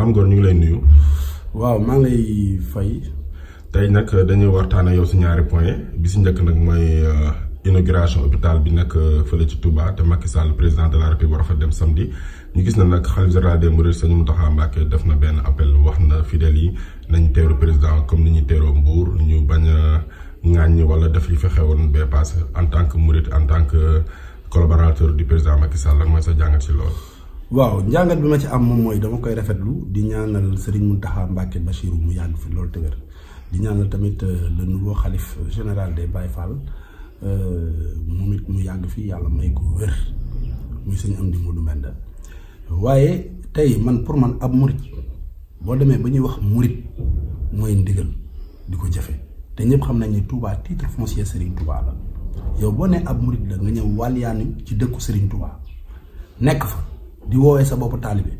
Mame Ngor ñu ngi lay nuyu. waaw maa ngi lay fay. tey nag dañuy waxtaan ak yow si ñaari point bi si njëkk nag mooy euh, inauguration hôpital bi nag euh, fële ci Touba te Macky Sall président de la République war a fa dem samedi ñu gis na nag xalif général des mourides Serigne Mountakha Mbacké def na benn appel wax na fidèles yi nañ teeru président comme ni ñuy teeroo Mbour ñu bañ a ŋàññ wala def li fi xewoon bee passé en tant que mouride en tant que euh, collaborateur du président Macky Sall mooy sa jàngat si loolu. waaw njàngat bi ma ci am moom mooy dama koy rafetlu di ñaanal Serigne Mountakha Mbacké Bachirou mu yàgg fi loolu te di ñaanal tamit euh, le nouveau xalif général des Baye Fall euh, moom it mu yàgg fi yàlla may ko wér muy sëñ am di Modou Mbenda waaye tey man pour man ab murit boo demee ba ñuy wax murit mooy ndigal di ko jëfe te ñëpp xam nañ ne Touba titre foncier Serigne Touba la yow boo nee ab murit la nga ñëw wàlliyaanu ci dëkku Serigne Touba nekk fa. di woowee sa bopp taalibe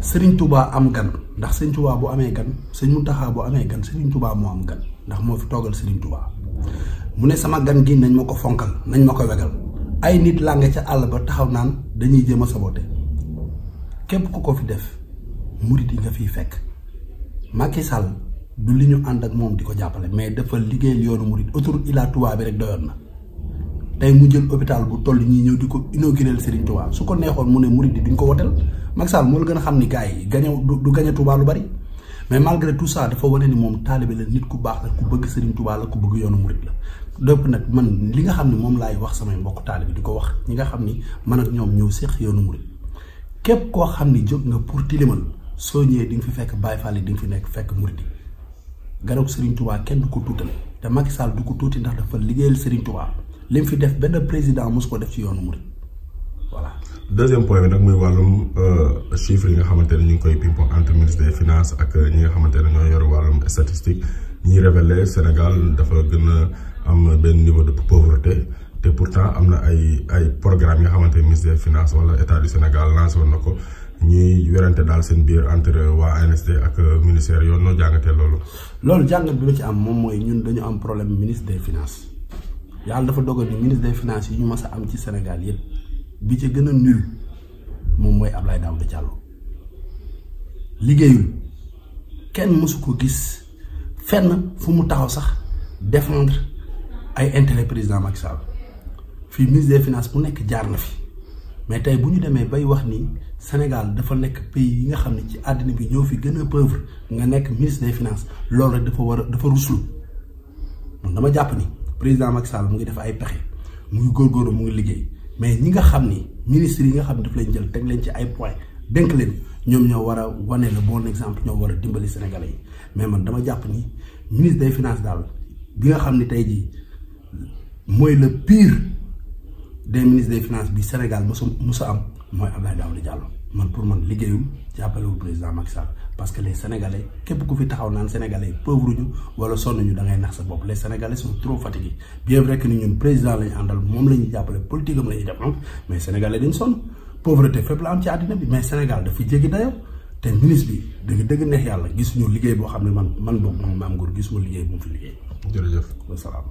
Serigne tubaa am gan ndax Serigne tubaa bu amee gan Serigne Mountakha bu amee gan Serigne Touba moo am gan ndax moo fi toogal Serigne Touba mu ne sama gan gi nañ ma ko fonkal nañ ma ko wegal ay nit laa ca àll ba taxaw naan dañuy jéem a sabote képp ku ko fi def murit yi nga fiy fekk Macky Sall du li ñu ànd ak moom di ko jàppale mais dafa liggéeyal yoonu murit autoroute Ila tubaa bi rek doyoon na. tey mu jël hôpital bu toll ñii ñëw di ko inaugurer Serigne Touba su ko neexoon mu ne Mouride duñ ko woteel Macky Sall moo la gën a xam ni gars yi gañe du gañe Touba lu bari mais malgré tout ça dafa wane ni moom taalibe la nit ku baax la ku bëgg Serigne Touba la ku bëgg yoonu Mouride la. donc nag man li nga xam ne moom laay wax samay mbokk taalibe di ko wax ñi nga xam ni man ak ñoom ñëw séq yoonu Mouride képp koo xam ni jóg nga pour tilimal soo ñëwee di fi fekk Baye Fall di nga fi nekk fekk Mouride garaw Serigne Touba kenn du ko tuutale te Macky Sall du ko tuuti ndax dafa liggéeyal Serigne Touba li fi def benn président mos ko def ci yoonu murid voilà. deuxième point nag muy wàllum euh, chiffres yi nga xamante ne ñu ngi koy ping pong entre ministre des ak euh, ñi nga xamante ne ñoo yor wàllum statistique ñi révélé Sénégal dafa gën am benn niveau de pauvreté te pourtant am na ay ay programme yi xamante ne ministre des wala état du Sénégal lancé woon ko ñuy werante daal seen biir entre waa ANSD ak euh, ministère yoon noo jàngatee loolu. loolu jàngat bi ci am moom mooy ñun dañu am problème ministre finance yàlla dafa dogal ni ministre des finances yi ñu ma sa am ci Sénégal yëpp bi ci gën a nul moom mooy Abdoulaye Daouda Diallo liggéeyul kenn mësu ko gis fenn fu mu taxaw sax défendre ay intérêt président Macky fii ministre des finance bu nekk jaar na fi mais tey bu ñu demee bay wax ni Sénégal dafa nekk pays yi nga xam ne ci àddina bi ñëw fi gën a pauvre nga nekk ministre des finances loolu dafa war a dafa ruslu man dama jàpp ni. président Macky Sall mu ngi def ay pexe mu ngi góorgóorlu mu ngi liggéey mais ñi nga xam ni ministres yi nga xam ne daf leen jël teg leen ci ay point dénk leen ñoom ñoo war a wane la bon exemple ñoo war a dimbali sénégal yi mais man dama jàpp ni ministre des finances daal bi nga xam ni tey jii mooy le pire. des ministres des finances bi Sénégal mosu mosu am mooy Abdoulaye Daouda Diallo man pour man liggéeyul jàppalewul président Macky Sall parce que les sénégalais képp ku fi taxaw naan sénégalais yi pauvre ñu wala sonn ñu da ngay nax sa bopp les sénégalais sont trop fatigués bien vrai que ni ñun président la ñu àndal moom la ñuy jàppale politique am la ñuy def mais sénégalais dañ sonn pauvreté fépp la am ci àddina bi mais Sénégal dafa jéggi dayoo. te ministre bi dëgg dëgg neex yàlla gisuñu liggéey boo xam ne man man boobu